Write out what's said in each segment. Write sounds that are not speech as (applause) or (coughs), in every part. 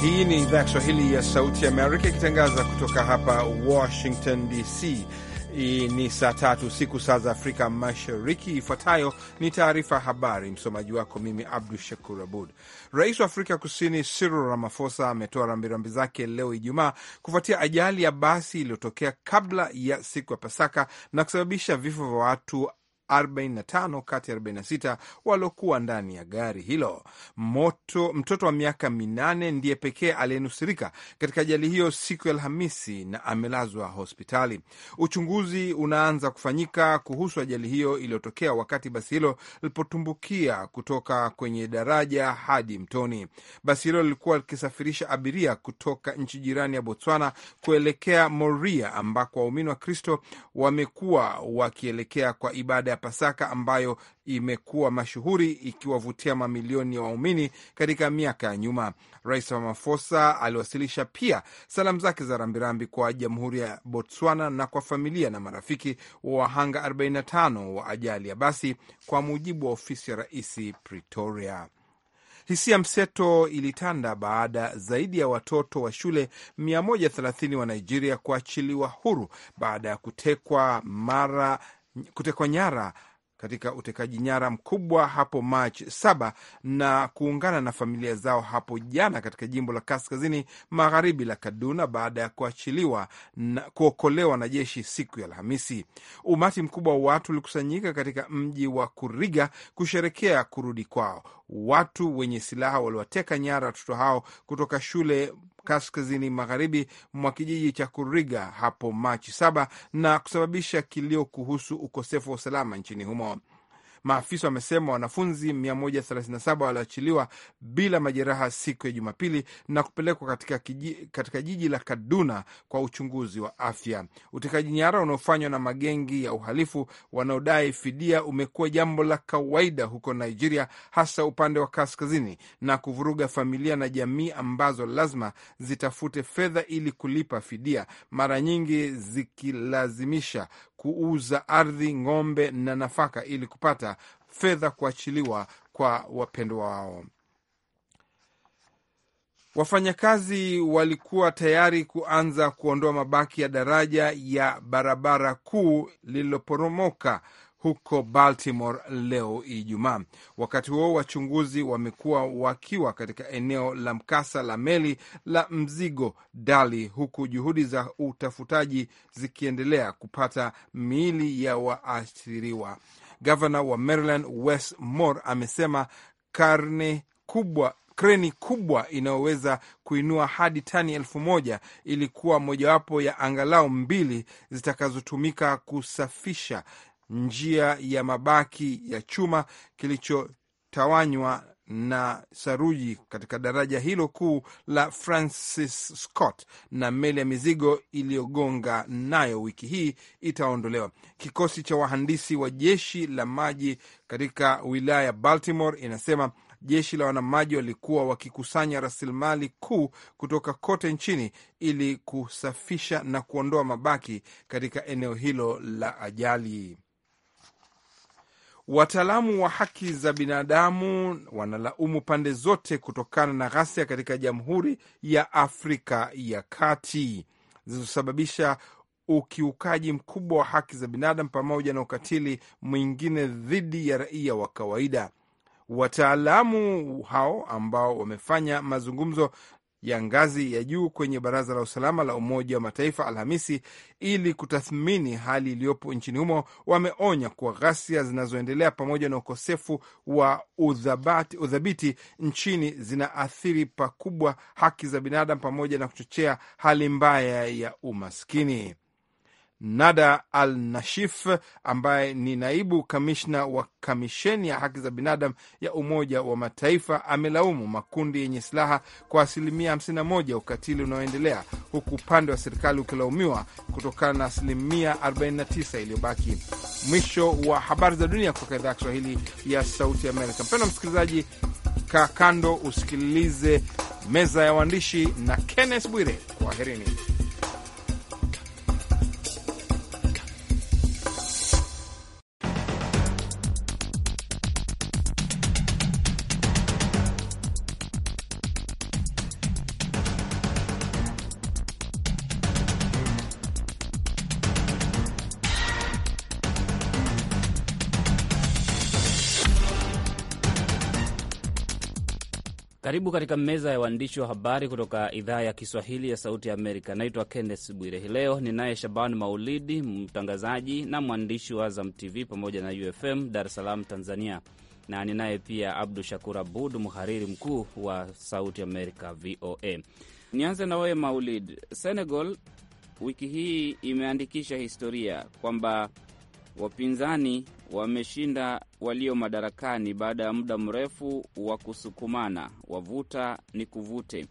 Hii ni idhaa ya Kiswahili ya Sauti Amerika ikitangaza kutoka hapa Washington DC. hii Ni saa tatu siku saa za Afrika Mashariki. Ifuatayo ni taarifa habari, msomaji wako mimi Abdu Shakur Abud. Rais wa Afrika Kusini Cyril Ramaphosa ametoa rambirambi zake leo Ijumaa kufuatia ajali ya basi iliyotokea kabla ya siku ya Pasaka na kusababisha vifo vya watu 45 kati ya 46 waliokuwa ndani ya gari hilo. Moto, mtoto wa miaka minane ndiye pekee aliyenusurika katika ajali hiyo siku ya Alhamisi na amelazwa hospitali. Uchunguzi unaanza kufanyika kuhusu ajali hiyo iliyotokea wakati basi hilo lilipotumbukia kutoka kwenye daraja hadi mtoni. Basi hilo lilikuwa likisafirisha abiria kutoka nchi jirani ya Botswana kuelekea Moria ambako waumini wa Kristo wamekuwa wakielekea kwa ibada ya Pasaka ambayo imekuwa mashuhuri ikiwavutia mamilioni ya waumini katika miaka ya nyuma. Rais ramafosa aliwasilisha pia salamu zake za rambirambi kwa jamhuri ya Botswana na kwa familia na marafiki wa wahanga 45 wa ajali ya basi, kwa mujibu wa ofisi ya rais Pretoria. Hisia mseto ilitanda baada zaidi ya watoto wa shule 130 wa Nigeria kuachiliwa huru baada ya kutekwa mara kutekwa nyara katika utekaji nyara mkubwa hapo Machi saba na kuungana na familia zao hapo jana katika jimbo la kaskazini magharibi la Kaduna baada ya kuachiliwa na kuokolewa na jeshi siku ya Alhamisi. Umati mkubwa wa watu ulikusanyika katika mji wa Kuriga kusherekea kurudi kwao. Watu wenye silaha waliwateka nyara watoto hao kutoka shule kaskazini magharibi mwa kijiji cha Kuriga hapo Machi saba na kusababisha kilio kuhusu ukosefu wa usalama nchini humo. Maafisa wamesema wanafunzi 137 waliachiliwa bila majeraha siku ya Jumapili na kupelekwa katika, katika jiji la Kaduna kwa uchunguzi wa afya. Utekaji nyara unaofanywa na magengi ya uhalifu wanaodai fidia umekuwa jambo la kawaida huko Nigeria, hasa upande wa kaskazini na kuvuruga familia na jamii ambazo lazima zitafute fedha ili kulipa fidia, mara nyingi zikilazimisha kuuza ardhi, ng'ombe na nafaka ili kupata fedha kuachiliwa kwa wapendwa wao. Wafanyakazi walikuwa tayari kuanza kuondoa mabaki ya daraja ya barabara kuu lililoporomoka huko Baltimore leo Ijumaa. Wakati huo wachunguzi wamekuwa wakiwa katika eneo la mkasa la meli la mzigo Dali, huku juhudi za utafutaji zikiendelea kupata miili ya waathiriwa. Gavana wa Maryland Wes Moore amesema karne kubwa kreni kubwa inayoweza kuinua hadi tani elfu moja ilikuwa mojawapo ya angalau mbili zitakazotumika kusafisha njia ya mabaki ya chuma kilichotawanywa na saruji katika daraja hilo kuu la Francis Scott na meli ya mizigo iliyogonga nayo wiki hii itaondolewa. Kikosi cha wahandisi wa jeshi la maji katika wilaya ya Baltimore inasema jeshi la wanamaji walikuwa wakikusanya rasilimali kuu kutoka kote nchini ili kusafisha na kuondoa mabaki katika eneo hilo la ajali. Wataalamu wa haki za binadamu wanalaumu pande zote kutokana na ghasia katika Jamhuri ya Afrika ya Kati zilizosababisha ukiukaji mkubwa wa haki za binadamu pamoja na ukatili mwingine dhidi ya raia wa kawaida. Wataalamu hao ambao wamefanya mazungumzo ya ngazi ya juu kwenye Baraza la Usalama la Umoja wa Mataifa Alhamisi ili kutathmini hali iliyopo nchini humo. Wameonya kuwa ghasia zinazoendelea pamoja na ukosefu wa uthabati, udhabiti nchini zinaathiri pakubwa haki za binadamu pamoja na kuchochea hali mbaya ya umaskini. Nada Al Nashif ambaye ni naibu kamishna wa kamisheni ya haki za binadamu ya Umoja wa Mataifa amelaumu makundi yenye silaha kwa asilimia 51 ya ukatili unaoendelea, huku upande wa serikali ukilaumiwa kutokana na asilimia 49 iliyobaki. Mwisho wa habari za dunia kutoka idhaa ya Kiswahili ya Sauti Amerika. Mpendwa msikilizaji, kaa kando usikilize meza ya waandishi na Kenneth Bwire. Kwaherini. Karibu katika meza ya waandishi wa habari kutoka idhaa ya Kiswahili ya Sauti ya Amerika. Naitwa Kenneth Bwire. Hii leo ninaye Shaban Maulidi, mtangazaji na mwandishi wa Azam TV pamoja na UFM Dar es Salaam, Tanzania, na ninaye pia Abdu Shakur Abud, mhariri mkuu wa Sauti Amerika VOA. Nianze na wewe Maulid. Senegal wiki hii imeandikisha historia kwamba Wapinzani wameshinda walio madarakani baada ya muda mrefu wa kusukumana, wavuta ni kuvute.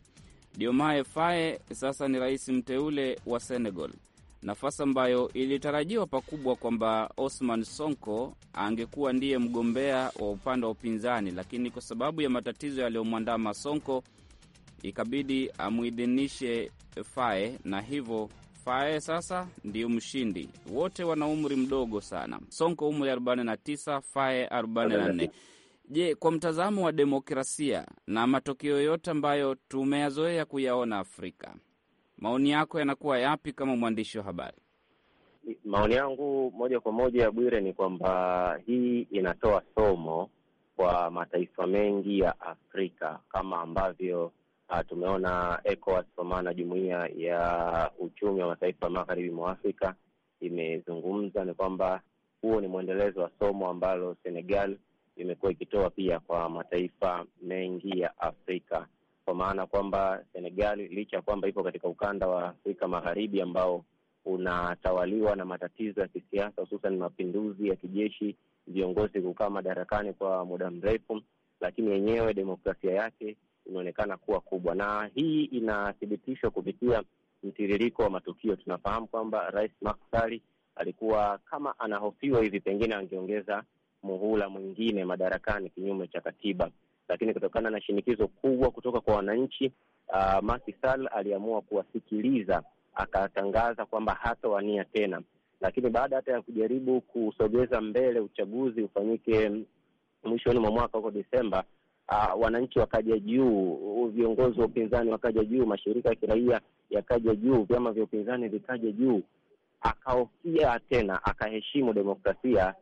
Diomaye Faye sasa ni rais mteule wa Senegal, nafasi ambayo ilitarajiwa pakubwa kwamba Osman Sonko angekuwa ndiye mgombea wa upande wa upinzani, lakini kwa sababu ya matatizo yaliyomwandama Sonko ikabidi amwidhinishe Faye na hivyo Fae sasa ndiyo mshindi, wote wana umri mdogo sana. Sonko umri 49, Fae 44. Je, kwa mtazamo wa demokrasia na matokeo yote ambayo tumeyazoea kuyaona Afrika, maoni yako yanakuwa yapi kama mwandishi wa habari? Maoni yangu moja kwa moja, ya Bwire, ni kwamba hii inatoa somo kwa mataifa mengi ya Afrika kama ambavyo Uh, tumeona ECOWAS kwa maana jumuiya ya uchumi wa mataifa ya magharibi mwa Afrika imezungumza ni kwamba huo ni mwendelezo wa somo ambalo Senegal imekuwa ikitoa pia kwa mataifa mengi ya Afrika, kwa maana kwamba Senegal licha ya kwamba ipo katika ukanda wa Afrika magharibi ambao unatawaliwa na matatizo ya kisiasa, hususan mapinduzi ya kijeshi, viongozi kukaa madarakani kwa muda mrefu, lakini yenyewe demokrasia yake inaonekana kuwa kubwa, na hii inathibitishwa kupitia mtiririko wa matukio. Tunafahamu kwamba Rais Maksari alikuwa kama anahofiwa hivi pengine angeongeza muhula mwingine madarakani kinyume cha katiba, lakini kutokana na shinikizo kubwa kutoka kwa wananchi uh, Macky Sall aliamua kuwasikiliza, akatangaza kwamba hatawania tena. Lakini baada hata ya kujaribu kusogeza mbele uchaguzi ufanyike mwishoni mwa mwaka huko Desemba, uh, wananchi wakaja juu, viongozi wa upinzani wakaja juu, mashirika ya kiraia yakaja juu, vyama vya upinzani vikaja juu, akahofia tena akaheshimu demokrasia.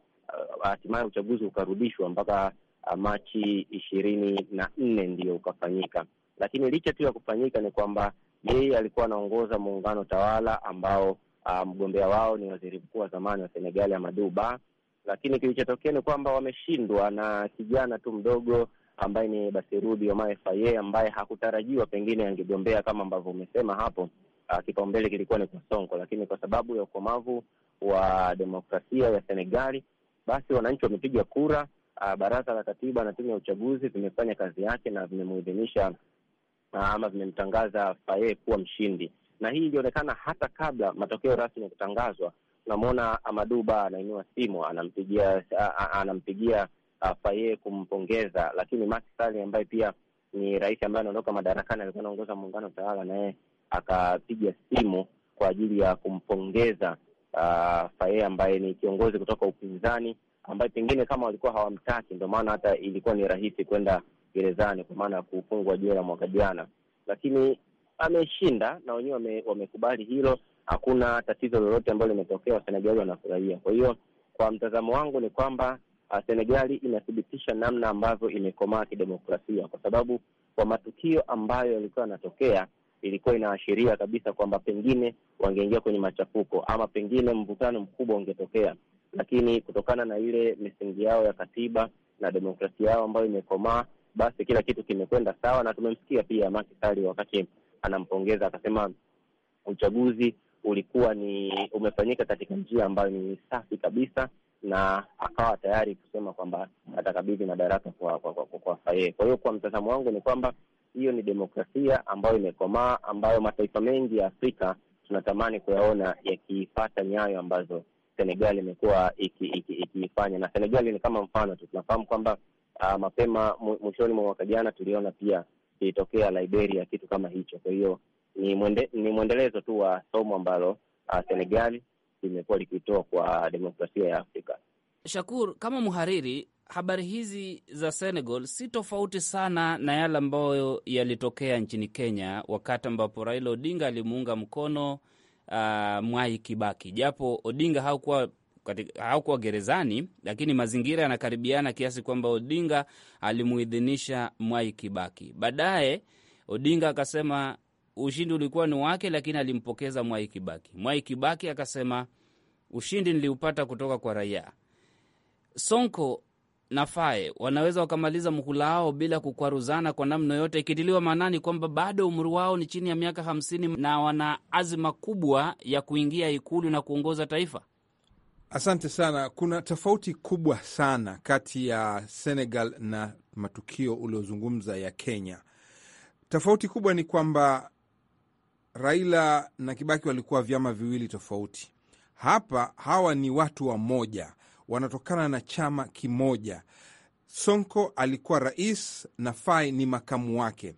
Ah, hatimaye uh, uchaguzi ukarudishwa mpaka uh, Machi ishirini na nne ndiyo ukafanyika, lakini licha tu ya kufanyika ni kwamba yeye alikuwa anaongoza muungano tawala ambao uh, mgombea wao ni waziri mkuu wa zamani wa Senegali Amadou Ba, lakini kilichotokea ni kwamba wameshindwa na kijana tu mdogo ambaye ni basi Omae Faye ambaye hakutarajiwa pengine angegombea kama ambavyo umesema hapo. Ah, kipaumbele kilikuwa ni kwa Sonko, lakini kwa sababu ya ukomavu wa demokrasia ya Senegali, basi wananchi wamepiga kura. Uh, baraza la katiba na timu ya uchaguzi vimefanya kazi yake na vimemuidhinisha ah, ama vimemtangaza Faye kuwa mshindi, na hii ilionekana hata kabla matokeo rasmi ya kutangazwa. Tunamwona Amaduba anainua simu, anampigia anampigia uh, Faye kumpongeza, lakini Macky Sall ambaye pia ni rais ambaye anaondoka madarakani, alikuwa anaongoza muungano tawala, naye akapiga simu kwa ajili ya kumpongeza uh, Faye ambaye ni kiongozi kutoka upinzani ambaye pengine kama walikuwa hawamtaki, ndio maana hata ilikuwa ni rahisi kwenda gerezani kwa maana ya kufungwa jela mwaka jana, lakini ameshinda na wenyewe wamekubali hilo. Hakuna tatizo lolote ambalo limetokea, Wasenegali wanafurahia. Kwa hiyo kwa mtazamo wangu ni kwamba uh, Senegali inathibitisha namna ambavyo imekomaa kidemokrasia, kwa sababu kwa matukio ambayo yalikuwa yanatokea ilikuwa inaashiria kabisa kwamba pengine wangeingia kwenye machafuko ama pengine mvutano mkubwa ungetokea, lakini kutokana na ile misingi yao ya katiba na demokrasia yao ambayo imekomaa, basi kila kitu kimekwenda sawa, na tumemsikia pia Macky Sall wakati anampongeza akasema uchaguzi ulikuwa ni umefanyika katika njia ambayo ni safi kabisa na akawa tayari kusema kwamba atakabidhi madaraka kwa kwa, kwa, kwa, kwa Faye. Kwa hiyo kwa mtazamo wangu ni kwamba hiyo ni demokrasia ambayo imekomaa, ambayo mataifa mengi ya Afrika tunatamani kuyaona yakiipata nyayo ambazo Senegal imekuwa ikiifanya iki, iki, na Senegal ni kama mfano tu. Tunafahamu kwamba uh, mapema mwishoni mwa mwaka jana tuliona pia ilitokea Liberia kitu kama hicho. Kwa hiyo ni mwende, ni mwendelezo tu wa somo ambalo uh, Senegal limekuwa likitoa kwa demokrasia ya Afrika. Shakur, kama mhariri, habari hizi za Senegal si tofauti sana na yale ambayo yalitokea nchini Kenya wakati ambapo Raila Odinga alimuunga mkono uh, Mwai Kibaki, japo Odinga haukuwa haukuwa gerezani, lakini mazingira yanakaribiana kiasi kwamba Odinga alimuidhinisha Mwai Kibaki. Baadaye Odinga akasema ushindi ulikuwa ni wake, lakini alimpokeza Mwai Kibaki. Mwai Kibaki akasema ushindi niliupata kutoka kwa raia. Sonko na Fae wanaweza wakamaliza mhula wao bila kukwaruzana kwa namna yote ikitiliwa maanani kwamba bado umri wao ni chini ya miaka hamsini na wana azima kubwa ya kuingia Ikulu na kuongoza taifa. Asante sana. Kuna tofauti kubwa sana kati ya Senegal na matukio uliozungumza ya Kenya. Tofauti kubwa ni kwamba Raila na Kibaki walikuwa vyama viwili tofauti. Hapa hawa ni watu wa moja, wanatokana na chama kimoja. Sonko alikuwa rais na Fai ni makamu wake,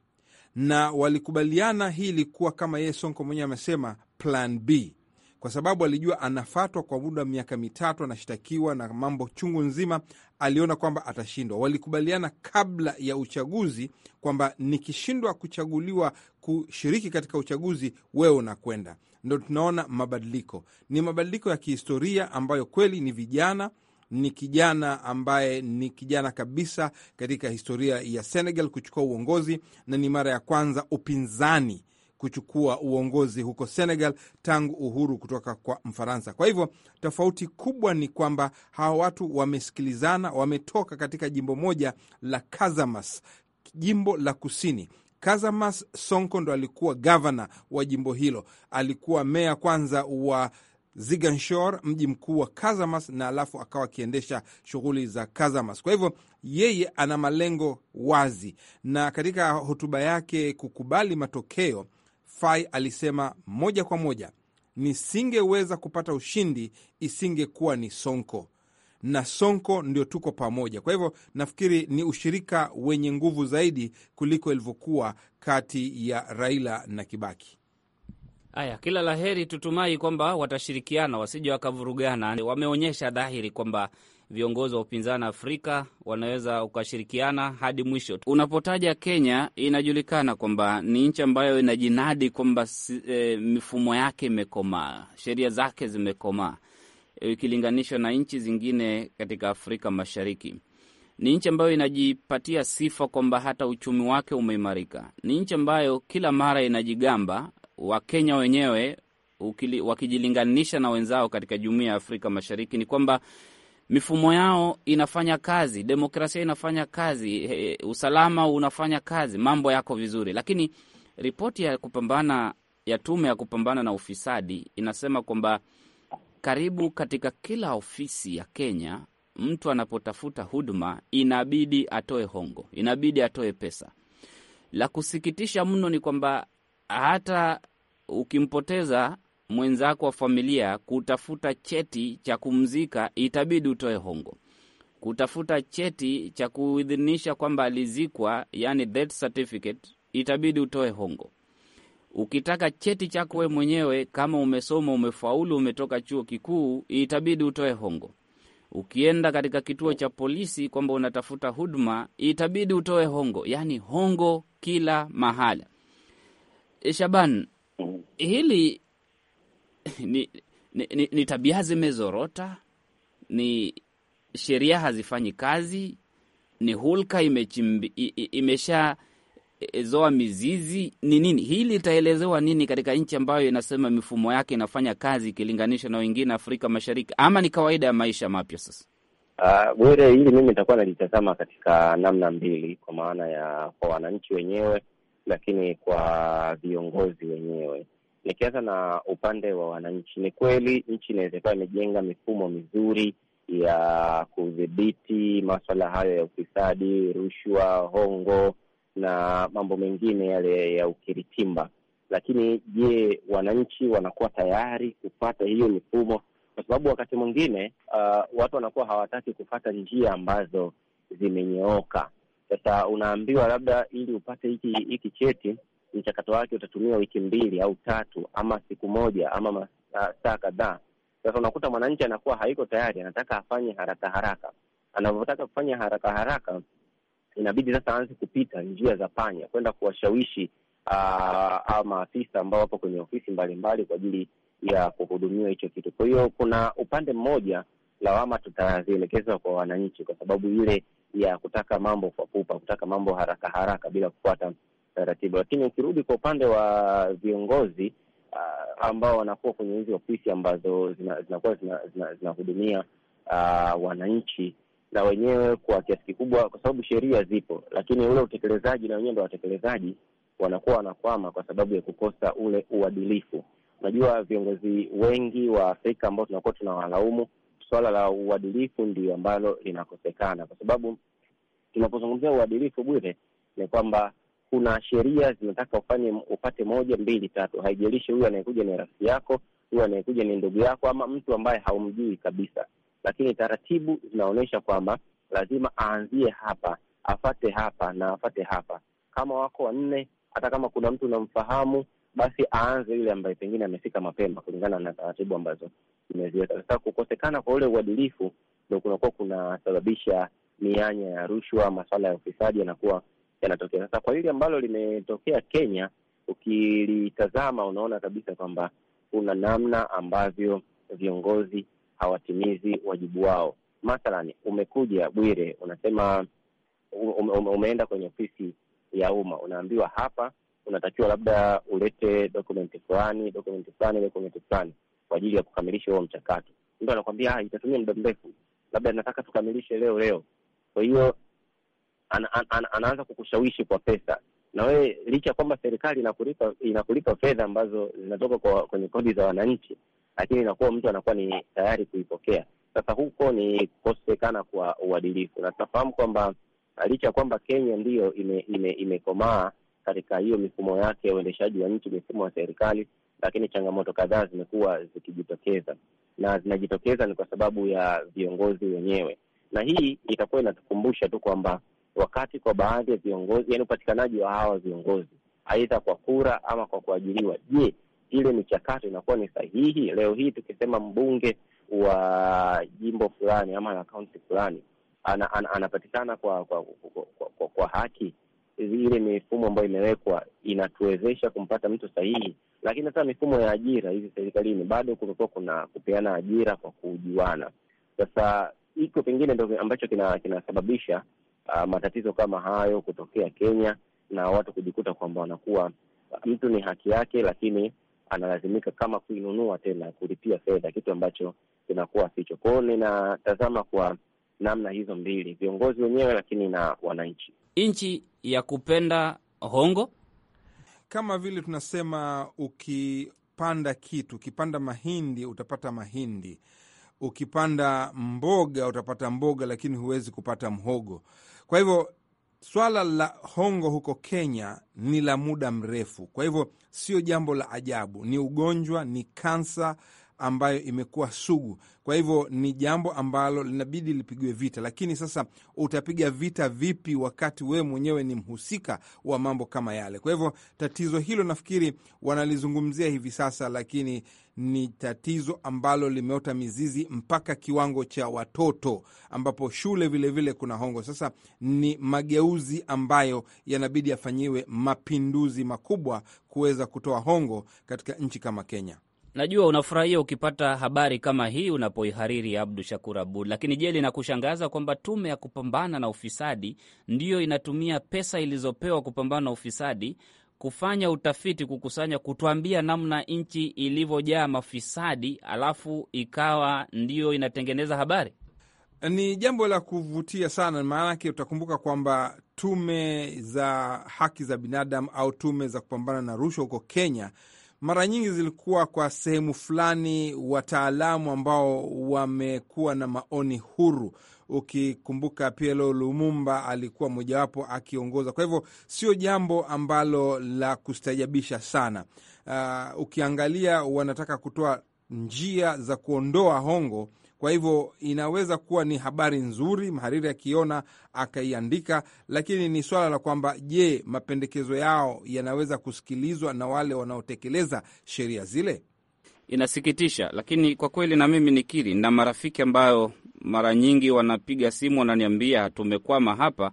na walikubaliana. Hii ilikuwa kama yeye Sonko mwenyewe amesema plan B kwa sababu alijua anafatwa kwa muda wa miaka mitatu, anashtakiwa na mambo chungu nzima. Aliona kwamba atashindwa. Walikubaliana kabla ya uchaguzi kwamba nikishindwa kuchaguliwa kushiriki katika uchaguzi, wewe unakwenda. Ndo tunaona mabadiliko, ni mabadiliko ya kihistoria ambayo kweli ni vijana ni kijana ambaye ni kijana kabisa katika historia ya Senegal kuchukua uongozi, na ni mara ya kwanza upinzani kuchukua uongozi huko Senegal tangu uhuru kutoka kwa Mfaransa. Kwa hivyo tofauti kubwa ni kwamba hawa watu wamesikilizana, wametoka katika jimbo moja la Kazamas, jimbo la kusini. Kazamas Sonko ndo alikuwa gavana wa jimbo hilo, alikuwa meya kwanza wa Ziganshor, mji mkuu wa Kazamas, na alafu akawa akiendesha shughuli za Kazamas. Kwa hivyo yeye ana malengo wazi, na katika hotuba yake kukubali matokeo Fai alisema moja kwa moja, nisingeweza kupata ushindi isingekuwa ni Sonko na Sonko ndio tuko pamoja. Kwa hivyo nafikiri ni ushirika wenye nguvu zaidi kuliko ilivyokuwa kati ya Raila na Kibaki. Haya, kila la heri, tutumai kwamba watashirikiana wasije wakavurugana. Wameonyesha dhahiri kwamba viongozi wa upinzani Afrika wanaweza ukashirikiana hadi mwisho. Unapotaja Kenya, inajulikana kwamba ni nchi ambayo inajinadi kwamba e, mifumo yake imekomaa, sheria zake zimekomaa e, ikilinganishwa na nchi zingine katika Afrika Mashariki. Ni nchi ambayo inajipatia sifa kwamba hata uchumi wake umeimarika. Ni nchi ambayo kila mara inajigamba, Wakenya wenyewe wakijilinganisha na wenzao katika jumuiya ya Afrika Mashariki ni kwamba mifumo yao inafanya kazi, demokrasia inafanya kazi, e, usalama unafanya kazi, mambo yako vizuri, lakini ripoti ya kupambana ya tume ya kupambana na ufisadi inasema kwamba karibu katika kila ofisi ya Kenya mtu anapotafuta huduma inabidi atoe hongo, inabidi atoe pesa. La kusikitisha mno ni kwamba hata ukimpoteza mwenzako wa familia kutafuta cheti cha kumzika, itabidi utoe hongo. Kutafuta cheti cha kuidhinisha kwamba alizikwa, yani death certificate, itabidi utoe hongo. Ukitaka cheti chako we mwenyewe, kama umesoma, umefaulu, umetoka chuo kikuu, itabidi utoe hongo. Ukienda katika kituo cha polisi kwamba unatafuta huduma, itabidi utoe hongo, yani hongo kila mahala. Eh, Shaban, mm-hmm. hili (coughs) ni, ni, ni, ni tabia zimezorota, ni sheria hazifanyi kazi, ni hulka imesha e, zoa mizizi. Ni nini hii? Litaelezewa nini katika nchi ambayo inasema mifumo yake inafanya kazi ikilinganisha na wengine Afrika Mashariki? Ama ni kawaida ya maisha mapya? Sasa uh, hili mimi nitakuwa nalitazama katika namna mbili, kwa maana ya kwa wananchi wenyewe, lakini kwa viongozi wenyewe Nikianza na upande wa wananchi, ni kweli nchi inaweza imejenga mifumo mizuri ya kudhibiti maswala hayo ya ufisadi, rushwa, hongo na mambo mengine yale ya ukiritimba, lakini je, wananchi wanakuwa tayari kupata hiyo mifumo? Kwa sababu wakati mwingine uh, watu wanakuwa hawataki kufata njia ambazo zimenyooka. Sasa unaambiwa labda ili upate hiki hiki cheti mchakato wake utatumia wiki mbili au tatu ama siku moja ama ah, saa kadhaa. Sasa unakuta mwananchi anakuwa haiko tayari, anataka afanye haraka haraka. Anavyotaka kufanya haraka haraka, inabidi sasa aanze kupita njia za panya kwenda kuwashawishi ah, ah, maafisa ambao wapo kwenye ofisi mbalimbali kwa ajili ya kuhudumiwa hicho kitu. Kwa hiyo kuna upande mmoja lawama tutazielekeza kwa wananchi, kwa sababu ile ya kutaka mambo kwa pupa, kutaka mambo haraka haraka bila kufuata ratiba. Lakini ukirudi kwa upande wa viongozi uh, ambao wanakuwa kwenye hizi ofisi ambazo zinakuwa zinahudumia uh, wananchi na wenyewe kwa kiasi kikubwa, kwa sababu sheria zipo, lakini ule utekelezaji na wenyewe ndo watekelezaji wanakuwa wanakwama kwa sababu ya kukosa ule uadilifu. Unajua, viongozi wengi wa Afrika ambao tunakuwa tunawalaumu, swala la uadilifu ndio ambalo linakosekana, kwa sababu tunapozungumzia uadilifu, bure ni kwamba kuna sheria zinataka ufanye upate moja mbili tatu, haijalishi huyu anayekuja ni rafiki yako, huyu anayekuja ni ndugu yako, ama mtu ambaye haumjui kabisa, lakini taratibu zinaonyesha kwamba lazima aanzie hapa, afate hapa na afate hapa. Kama wako wanne, hata kama kuna mtu unamfahamu, basi aanze yule ambaye pengine amefika mapema, kulingana na taratibu ambazo zimeziweka. Sasa kukosekana kwa ule uadilifu ndo kunakuwa kunasababisha mianya ya rushwa, masuala ya ufisadi yanakuwa yanatokea. Sasa kwa hili ambalo limetokea Kenya, ukilitazama unaona kabisa kwamba kuna namna ambavyo viongozi hawatimizi wajibu wao. Mathalani, umekuja Bwire, unasema ume, umeenda kwenye ofisi ya umma, unaambiwa hapa unatakiwa labda ulete dokumenti fulani, dokumenti fulani, dokumenti fulani kwa ajili ya kukamilisha huo mchakato. Mtu anakwambia ah, itatumia muda mrefu, labda nataka tukamilishe leo leo. Kwa hiyo an, an, an, anaanza kukushawishi kwa pesa na wewe licha ya kwamba serikali inakulipa inakulipa fedha ambazo zinatoka kwa kwenye kodi za wananchi, lakini inakuwa mtu anakuwa ni tayari kuipokea. Sasa huko ni kukosekana kwa uadilifu, na tunafahamu kwamba uh, licha ya kwamba Kenya ndiyo imekomaa ime, ime katika hiyo mifumo yake ya uendeshaji wa nchi, mifumo ya serikali, lakini changamoto kadhaa zimekuwa zikijitokeza, na zinajitokeza ni kwa sababu ya viongozi wenyewe, na hii itakuwa inatukumbusha tu kwamba wakati kwa baadhi ya viongozi, yani upatikanaji wa hawa viongozi aidha kwa kura ama kwa kuajiriwa. Je, ile michakato inakuwa ni sahihi? Leo hii tukisema mbunge wa jimbo fulani ama na kaunti fulani ana, ana, anapatikana kwa kwa, kwa, kwa, kwa, kwa haki, ile mifumo ambayo imewekwa inatuwezesha kumpata mtu sahihi. Lakini hata mifumo ya ajira hizi serikalini bado kumekuwa kuna kupeana ajira kwa kujuana. Sasa hiko pengine ndo ambacho kinasababisha kina uh, matatizo kama hayo kutokea Kenya na watu kujikuta kwamba wanakuwa mtu ni haki yake, lakini analazimika kama kuinunua tena, kulipia fedha, kitu ambacho kinakuwa sicho. Kwao ninatazama kwa namna hizo mbili, viongozi wenyewe, lakini na wananchi. Nchi ya kupenda hongo, kama vile tunasema, ukipanda kitu, ukipanda mahindi utapata mahindi, ukipanda mboga utapata mboga, lakini huwezi kupata mhogo. Kwa hivyo swala la hongo huko Kenya ni la muda mrefu, kwa hivyo sio jambo la ajabu. Ni ugonjwa, ni kansa ambayo imekuwa sugu. Kwa hivyo ni jambo ambalo linabidi lipigwe vita, lakini sasa utapiga vita vipi wakati wewe mwenyewe ni mhusika wa mambo kama yale? Kwa hivyo tatizo hilo nafikiri wanalizungumzia hivi sasa, lakini ni tatizo ambalo limeota mizizi mpaka kiwango cha watoto, ambapo shule vilevile vile kuna hongo. Sasa ni mageuzi ambayo yanabidi yafanyiwe mapinduzi makubwa kuweza kutoa hongo katika nchi kama Kenya. Najua unafurahia ukipata habari kama hii unapoihariri, Abdu Shakur Abud, lakini je, linakushangaza kwamba tume ya kupambana na ufisadi ndiyo inatumia pesa ilizopewa kupambana na ufisadi kufanya utafiti, kukusanya, kutwambia namna nchi ilivyojaa mafisadi, alafu ikawa ndiyo inatengeneza habari. Ni jambo la kuvutia sana, maanake utakumbuka kwamba tume za haki za binadamu au tume za kupambana na rushwa huko Kenya mara nyingi zilikuwa kwa sehemu fulani wataalamu ambao wamekuwa na maoni huru ukikumbuka PLO Lumumba alikuwa mojawapo akiongoza. Kwa hivyo sio jambo ambalo la kustajabisha sana. Uh, ukiangalia wanataka kutoa njia za kuondoa hongo kwa hivyo inaweza kuwa ni habari nzuri, mhariri akiona akaiandika, lakini ni swala la kwamba, je, mapendekezo yao yanaweza kusikilizwa na wale wanaotekeleza sheria zile? inasikitisha, lakini kwa kweli na mimi nikiri, na marafiki ambayo mara nyingi wanapiga simu wananiambia tumekwama hapa.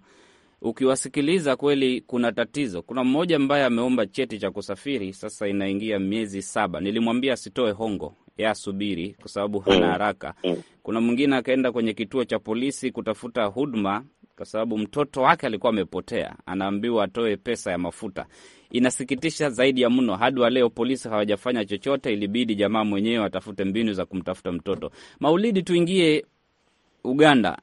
Ukiwasikiliza kweli kuna tatizo. Kuna mmoja ambaye ameomba cheti cha kusafiri, sasa inaingia miezi saba. Nilimwambia asitoe hongo ya subiri, kwa sababu hana mm. haraka. Mm. Kuna mwingine akaenda kwenye kituo cha polisi kutafuta huduma, kwa sababu mtoto wake alikuwa amepotea, anaambiwa atoe pesa ya mafuta. Inasikitisha zaidi ya mno, hadi wa leo polisi hawajafanya chochote. Ilibidi jamaa mwenyewe atafute mbinu za kumtafuta mtoto. Maulidi, tuingie Uganda.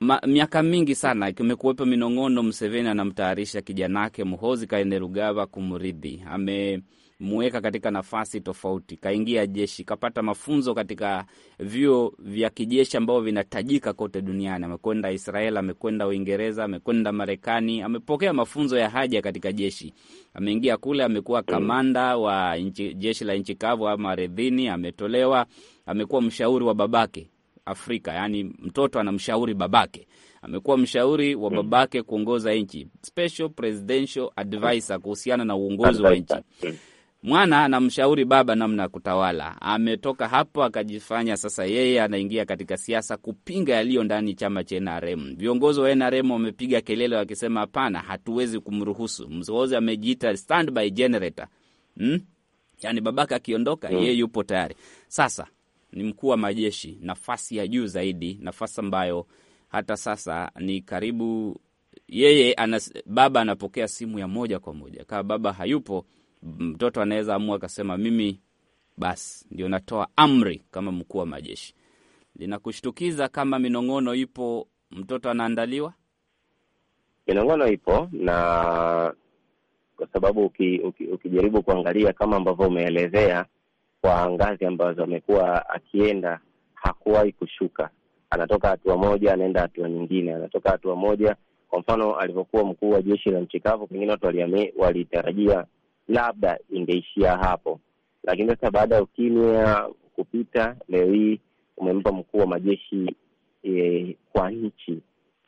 Ma, miaka mingi sana kimekuwepo minong'ono. Museveni anamtayarisha kijanake Muhozi Kainerugaba kumrithi ame mweka katika nafasi tofauti, kaingia jeshi, kapata mafunzo katika vyuo vya kijeshi ambavyo vinatajika kote duniani. Amekwenda Israel, amekwenda Uingereza, amekwenda Marekani, amepokea mafunzo ya haja katika jeshi. Ameingia kule, amekuwa mm. kamanda wa inchi, jeshi la nchi kavu ama ardhini, ametolewa, amekuwa mshauri wa babake Afrika, yaani mtoto anamshauri babake amekuwa mshauri wa mm. babake kuongoza nchi, special presidential advisor kuhusiana na uongozi wa nchi. Mm. Mwana anamshauri baba namna ya kutawala. Ametoka hapo akajifanya sasa yeye anaingia katika siasa kupinga yaliyo ndani chama cha NRM. Viongozi wa NRM wamepiga kelele wakisema, hapana, hatuwezi kumruhusu. Mzozi. amejiita standby generator hmm? Yani babaka akiondoka, hmm. yeye yupo tayari. Sasa ni mkuu wa majeshi, nafasi ya juu zaidi, nafasi ambayo hata sasa ni karibu yeye anas, baba anapokea simu ya moja kwa moja kama baba hayupo mtoto anaweza amua akasema mimi basi ndio natoa amri kama mkuu wa majeshi. Linakushtukiza kama minong'ono ipo, mtoto anaandaliwa. Minong'ono ipo na kwa sababu uki, uki, ukijaribu kuangalia kama ambavyo umeelezea kwa ngazi ambazo amekuwa akienda, hakuwahi kushuka. Anatoka hatua moja anaenda hatua nyingine, anatoka hatua moja. Kwa mfano alivyokuwa mkuu wa jeshi la nchi kavu, pengine watu walitarajia labda ingeishia hapo, lakini sasa baada ya ukimya kupita, leo hii umempa mkuu wa majeshi e, kwa nchi.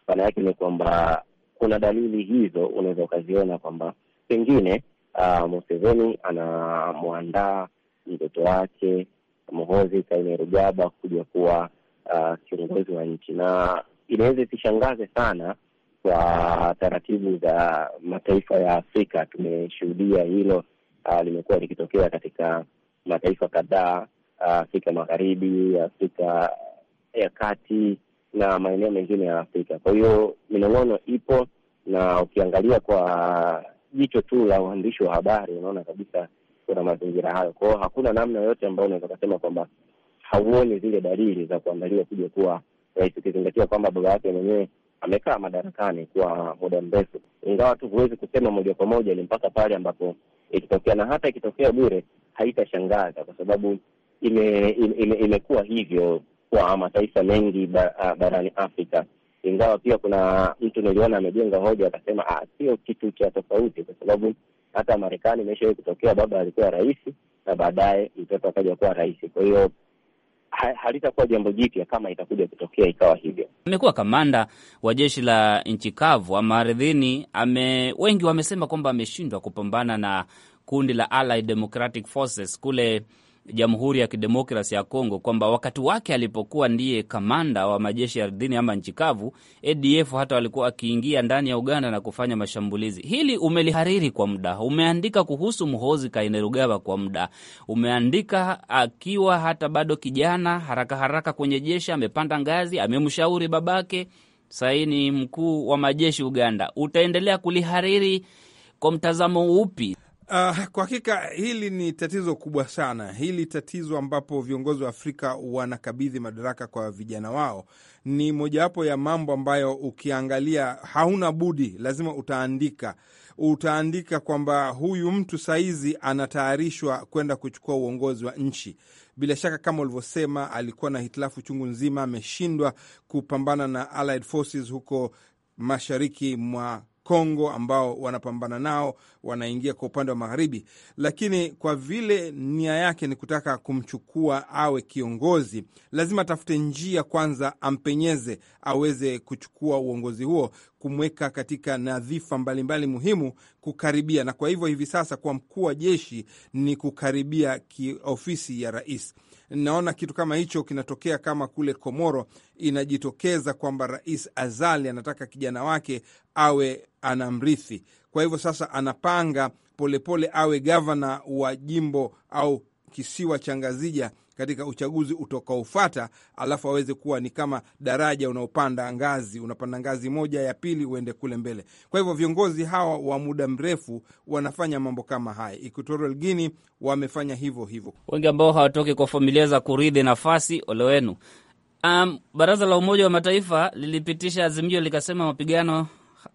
Maana yake ni kwamba kuna dalili hizo unaweza ukaziona kwamba pengine uh, Museveni anamwandaa mtoto wake Muhoozi Kainerugaba kuja kuwa uh, kiongozi wa nchi, na inaweza isishangaze sana kwa taratibu za mataifa ya Afrika. Tumeshuhudia hilo uh, limekuwa likitokea katika mataifa kadhaa uh, Afrika Magharibi, Afrika ya Kati na maeneo mengine ya Afrika. Kwa hiyo minong'ono ipo, na ukiangalia kwa jicho tu la uandishi wa habari unaona kabisa kuna mazingira hayo. Kwa hiyo hakuna namna yote ambayo unaweza kusema kwamba hauoni zile dalili za kuandaliwa kuja kuwa rais, ukizingatia kwamba baba yake mwenyewe amekaa madarakani kwa muda mrefu, ingawa tu huwezi kusema moja kwa moja ni mpaka pale ambapo ikitokea, na hata ikitokea bure haitashangaza kwa sababu ime, ime, ime, imekuwa hivyo kwa mataifa mengi barani Afrika, ingawa pia kuna mtu niliona amejenga hoja akasema, ah, sio kitu cha tofauti, kwa sababu hata Marekani imeshawahi kutokea, baba alikuwa rais na baadaye mtoto akaja kuwa rais. Kwa hiyo halitakuwa jambo jipya kama itakuja kutokea ikawa hivyo. Amekuwa kamanda wa jeshi la nchi kavu ama ardhini, ame wengi wamesema kwamba ameshindwa kupambana na kundi la Allied Democratic Forces kule Jamhuri ya Kidemokrasi ya Kongo kwamba wakati wake alipokuwa ndiye kamanda wa majeshi ardhini ama nchi kavu, ADF hata walikuwa wakiingia ndani ya Uganda na kufanya mashambulizi. Hili umelihariri kwa muda, umeandika kuhusu Muhozi Kainerugaba kwa muda, umeandika akiwa hata bado kijana, haraka haraka kwenye jeshi, amepanda ngazi, amemshauri babake saini mkuu wa majeshi Uganda. Utaendelea kulihariri kwa mtazamo upi? Uh, kwa hakika hili ni tatizo kubwa sana, hili tatizo ambapo viongozi wa Afrika wanakabidhi madaraka kwa vijana wao ni mojawapo ya mambo ambayo ukiangalia hauna budi, lazima utaandika utaandika kwamba huyu mtu saizi anatayarishwa kwenda kuchukua uongozi wa nchi. Bila shaka kama ulivyosema, alikuwa na hitilafu chungu nzima, ameshindwa kupambana na Allied Forces huko mashariki mwa Kongo ambao wanapambana nao, wanaingia kwa upande wa magharibi, lakini kwa vile nia yake ni kutaka kumchukua awe kiongozi, lazima atafute njia kwanza, ampenyeze aweze kuchukua uongozi huo, kumweka katika nadhifa mbalimbali muhimu, kukaribia. Na kwa hivyo hivi sasa kwa mkuu wa jeshi ni kukaribia ofisi ya rais. Naona kitu kama hicho kinatokea kama kule Komoro inajitokeza kwamba Rais Azali anataka kijana wake awe anamrithi. Kwa hivyo sasa anapanga polepole pole awe gavana wa jimbo au kisiwa cha Ngazija katika uchaguzi utakaofuata, alafu aweze kuwa ni kama daraja unaopanda ngazi, unapanda ngazi moja ya pili uende kule mbele. Kwa hivyo viongozi hawa wa muda mrefu wanafanya mambo kama haya. Equatorial Guinea wamefanya hivyo hivyo, wengi ambao hawatoki kwa familia za kuridhi nafasi. Ole wenu! Um, Baraza la Umoja wa Mataifa lilipitisha azimio likasema mapigano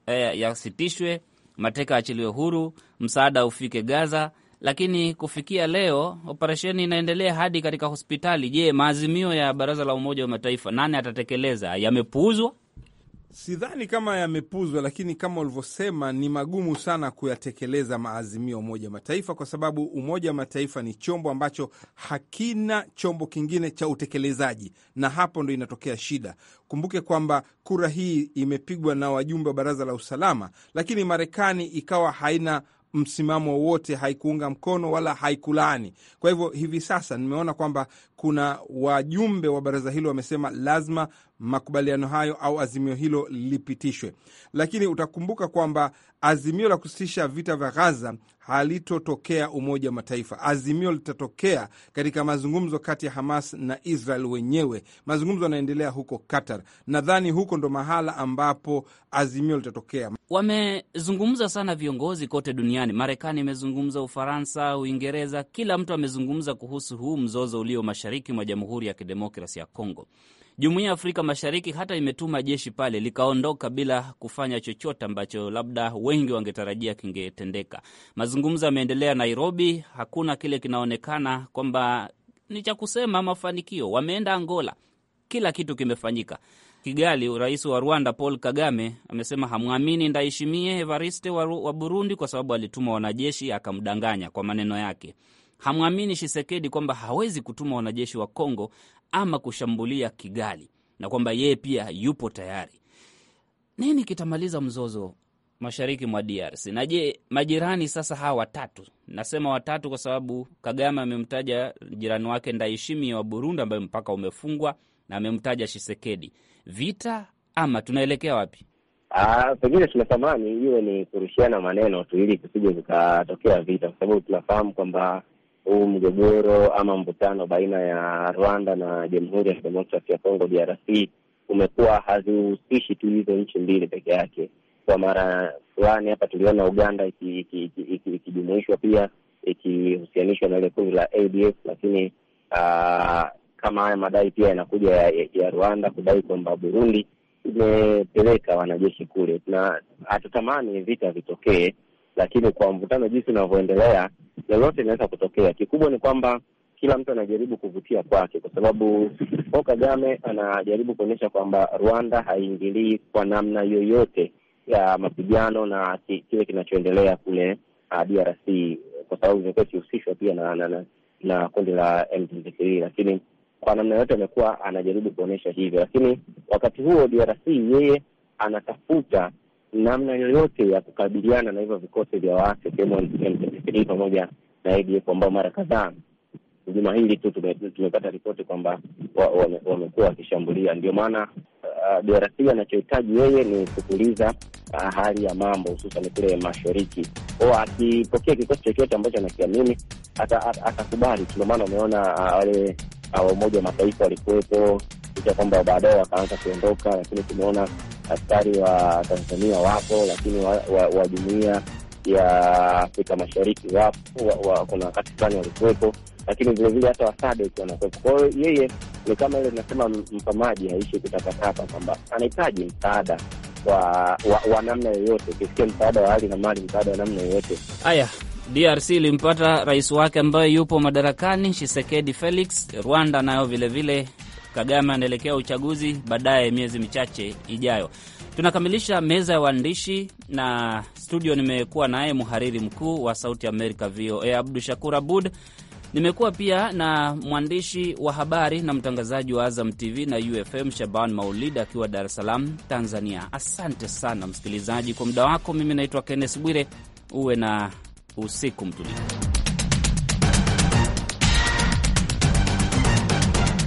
eh, yasitishwe, mateka achiliwe huru, msaada ufike Gaza. Lakini kufikia leo operesheni inaendelea hadi katika hospitali. Je, maazimio ya Baraza la Umoja wa Mataifa nani atatekeleza? Yamepuuzwa. Sidhani kama yamepuzwa, lakini kama ulivyosema, ni magumu sana kuyatekeleza maazimio ya Umoja Mataifa kwa sababu Umoja wa Mataifa ni chombo ambacho hakina chombo kingine cha utekelezaji, na hapo ndo inatokea shida. Kumbuke kwamba kura hii imepigwa na wajumbe wa Baraza la Usalama, lakini Marekani ikawa haina msimamo wowote, haikuunga mkono wala haikulaani. Kwa hivyo hivi sasa nimeona kwamba kuna wajumbe wa baraza hilo wamesema lazima makubaliano hayo au azimio hilo lipitishwe. Lakini utakumbuka kwamba azimio la kusitisha vita vya Gaza halitotokea Umoja wa Mataifa. Azimio litatokea katika mazungumzo kati ya Hamas na Israel wenyewe. Mazungumzo yanaendelea huko Qatar. Nadhani huko ndo mahala ambapo azimio litatokea. Wamezungumza sana viongozi kote duniani. Marekani imezungumza, Ufaransa, Uingereza, kila mtu amezungumza kuhusu huu mzozo ulio mashariki mwa Jamhuri ya Kidemokrasi ya Kongo. Jumuiya ya Afrika Mashariki hata imetuma jeshi pale likaondoka bila kufanya chochote ambacho labda wengi wangetarajia kingetendeka. Mazungumzo yameendelea Nairobi, hakuna kile kinaonekana kwamba ni cha kusema mafanikio. Wameenda Angola, kila kitu kimefanyika. Kigali, rais wa Rwanda Paul Kagame amesema hamwamini Ndayishimiye Evariste wa Burundi kwa sababu alituma wanajeshi akamdanganya, kwa maneno yake hamwamini Shisekedi kwamba hawezi kutuma wanajeshi wa Kongo ama kushambulia Kigali na kwamba yeye pia yupo tayari. Nini kitamaliza mzozo mashariki mwa DRC? Na je, majirani sasa hawa watatu, nasema watatu kwa sababu Kagame amemtaja jirani wake Ndayishimiye wa Burundi ambaye mpaka umefungwa na amemtaja Shisekedi, vita ama tunaelekea wapi? Ah, pengine tunatamani iwe ni kurushiana maneno tu ili kusije kukatokea vita, kwa sababu tunafahamu kwamba huu mgogoro ama mvutano baina ya Rwanda na Jamhuri ya Kidemokrasi ya Kongo DRC umekuwa hazihusishi tu hizo nchi mbili peke yake. Kwa mara fulani hapa tuliona Uganda ikijumuishwa pia ikihusianishwa na ile kundi la ADF, lakini uh, kama haya madai pia yanakuja ya, ya Rwanda kudai kwamba Burundi imepeleka wanajeshi kule, na hatutamani vita vitokee, lakini kwa mvutano jinsi unavyoendelea lolote linaweza kutokea. Kikubwa ni kwamba kila mtu anajaribu kuvutia kwake, kwa sababu Paul Kagame anajaribu kuonyesha kwamba Rwanda haiingilii kwa namna yoyote ya mapigano na kile kinachoendelea kule uh, DRC kwa sababu imekuwa ikihusishwa pia na na, na, na kundi la M23, lakini kwa namna yoyote amekuwa anajaribu kuonyesha hivyo, lakini wakati huo DRC yeye anatafuta namna yoyote ya kukabiliana na hivyo vikosi vya waasi ikiwemo pamoja na ADF ambao mara kadhaa juma hili tu tumepata ripoti kwamba wamekuwa wakishambulia. Ndio maana uh, DRC anachohitaji yeye ni kutuliza uh, hali ya mambo, hususan kule mashariki. Akipokea kikosi chochote ambacho anakiamini atakubali. Ndio maana umeona uh, wale wa Umoja wa Mataifa walikuwepo licha kwamba baadaye wakaanza kuondoka, lakini tumeona askari wa Tanzania wapo, lakini wa, wa, wa jumuiya ya Afrika Mashariki wapo wa, wa, kuna wakati fulani walikuwepo, lakini vilevile hata wasadek wanakuwepo. Kwa hiyo yeye ni kama ile inasema mpamaji aishi kutapatapa, kwamba anahitaji msaada wa, wa, wa namna yoyote, kisikia msaada wa hali na mali, msaada wa namna yoyote. Haya, DRC ilimpata rais wake ambaye yupo madarakani Tshisekedi Felix. Rwanda nayo vilevile Kagame anaelekea uchaguzi baadaye miezi michache ijayo. Tunakamilisha meza ya waandishi na studio, nimekuwa naye mhariri mkuu wa Sauti Amerika VOA Abdu Shakur Abud. Nimekuwa pia na mwandishi wa habari na mtangazaji wa Azam TV na UFM Shaban Maulid akiwa Dar es Salaam, Tanzania. Asante sana msikilizaji kwa muda wako. Mimi naitwa Kennes Bwire, uwe na usiku mtulivu.